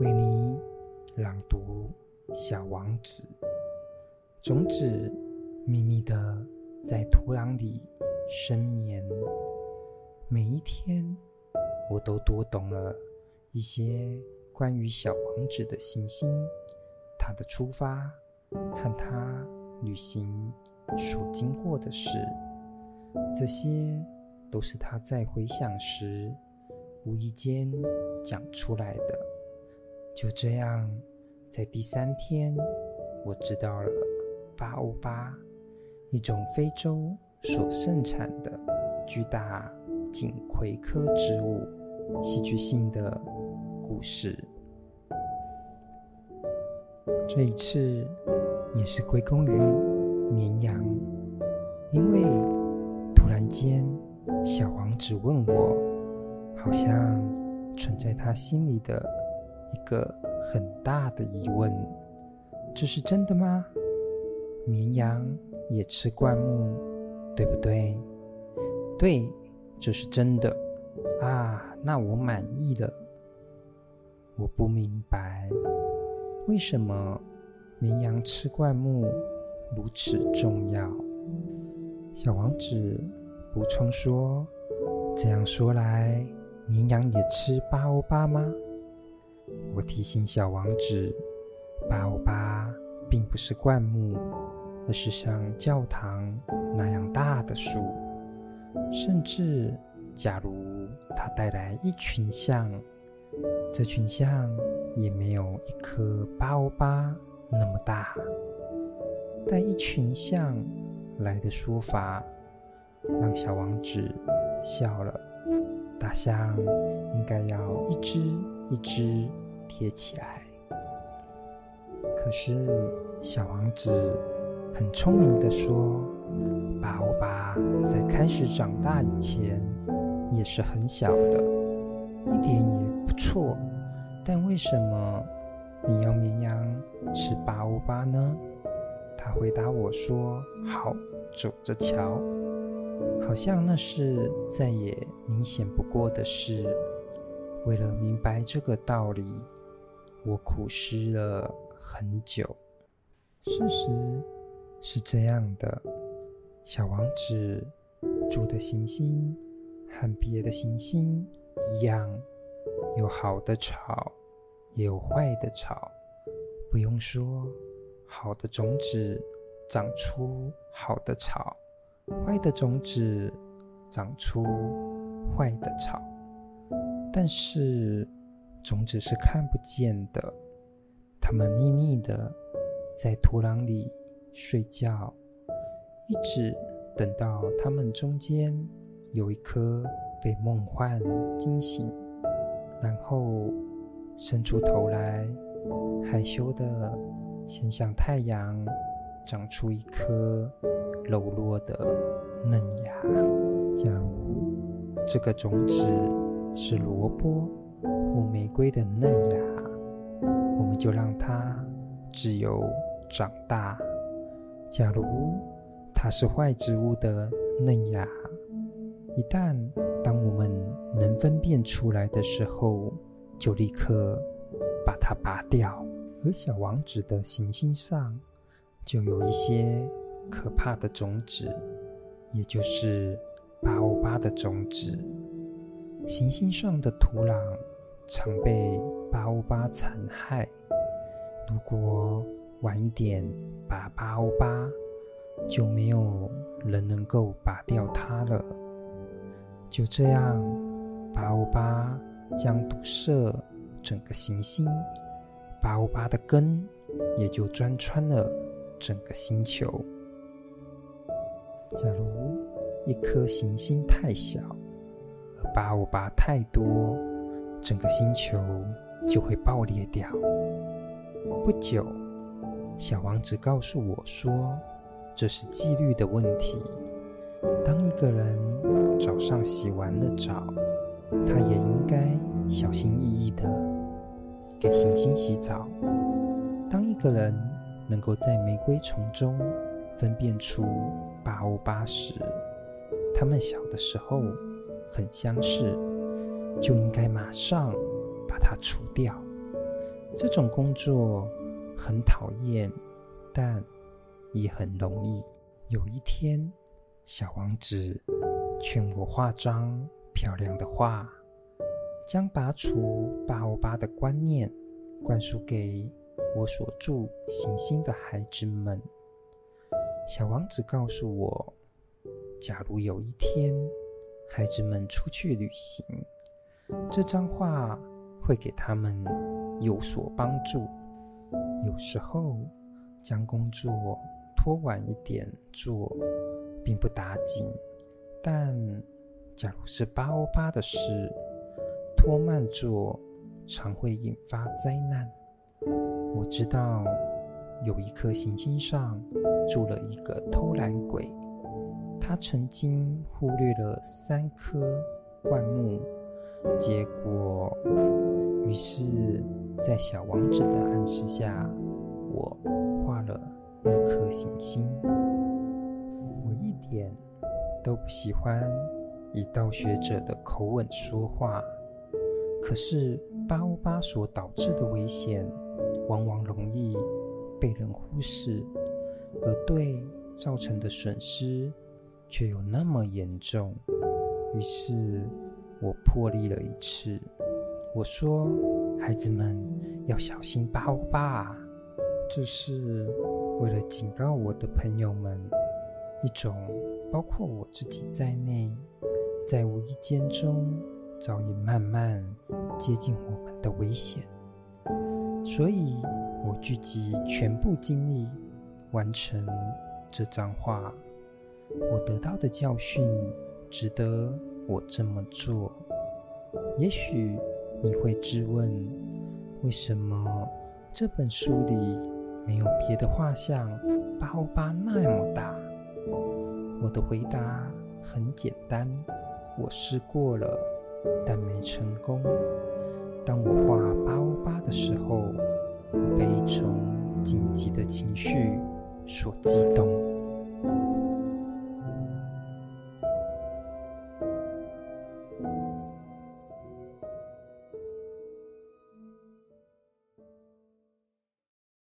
為你朗讀《小王子》。種子祕密地在土壤裡深眠。每一天，我都多懂了一些關於小王子的行星，他的出發和他旅行所經過的事。這些都是他在回想時無意間講出來的。就這樣，在第三天，我知道了八五八，一種非洲所盛產的巨大錦葵科植物，戲劇性的故事。這一次也是歸功於綿羊，因為突然間，小王子問我，好像存在他心裡的。一個很大的疑問，這是真的嗎？綿羊也吃灌木，對不對？對，這是真的。啊，那我滿意了。我不明白，為什麼綿羊吃灌木如此重要？小王子補充說：“這樣說來，綿羊也吃巴歐巴嗎？”我提醒小王子，巴歐巴並不是灌木，而是像教堂那樣大的樹。甚至，假如他帶來一群象，這群象也沒有一棵巴歐巴那麼大。帶一群象來的說法，讓小王子笑了。大象應該要一只一只。貼起來。可是小王子很聰明地說：“巴烏巴在開始長大以前也是很小的，一點也不錯。但為什麼你要綿羊吃巴烏巴呢？”他回答我說：“好，走着瞧。”好像那是再也明顯不過的事。為了明白這個道理，我苦思了很久。事實是這樣的：小王子住的行星和別的行星一樣，有好的草，也有壞的草。不用說，好的種子長出好的草，壞的種子長出壞的草。但是，種子是看不見的，它們祕密地在土壤裡睡覺，一直等到它們中間有一顆被夢幻驚醒，然後伸出頭來，害羞地先向太陽長出一顆柔弱的嫩芽。假如這個種子。是蘿蔔或玫瑰的嫩芽，我們就讓它自由長大。假如它是壞植物的嫩芽，一旦當我們能分辨出來的時候，就立刻把它拔掉。而小王子的行星上，就有一些可怕的種子，也就是巴歐巴的種子。行星上的土壤常被巴歐巴殘害。如果晚一點拔巴歐巴，就沒有人能夠拔掉它了。就這樣，巴歐巴將堵塞整個行星，巴歐巴的根也就鑽穿了整個星球。假如一顆行星太小，巴歐巴太多，整個星球就會爆裂掉。不久，小王子告訴我說：“這是紀律的問題。當一個人早上洗完了澡，他也應該小心翼翼地給行星，星洗澡。當一個人能夠在玫瑰叢中分辨出巴歐巴時，他們小的時候。”很相似，就應該馬上把它除掉。這種工作很討厭，但也很容易。有一天，小王子勸我畫張漂亮的畫，將拔除巴歐巴的觀念灌輸給我所住行星的孩子們。小王子告訴我，假如有一天。孩子們出去旅行，這張畫會給他們有所幫助。有時候將工作拖晚一點做並不打緊，但假如是巴歐巴的事，拖慢做常會引發災難。我知道有一顆行星上住了一個偷懶鬼。他曾經忽略了三棵灌木，結果，於是，在小王子的暗示下，我畫了一顆行星。我一點都不喜歡以道學者的口吻說話，可是八烏八所導致的危險，往往容易被人忽視，而對造成的損失。卻有那麼嚴重，於是我破例了一次，我說：“孩子們要小心爸吧。”這是為了警告我的朋友們，一種包括我自己在內，在無意間中早已慢慢接近我們的危險。所以，我聚集全部精力，完成這張畫。我得到的教訓值得我這麼做。也許你會質問：為什麼這本書裡沒有別的畫像巴歐巴那麼大？我的回答很簡單：我試過了，但沒成功。當我畫巴歐巴的時候，我被一種緊急的情緒所激動。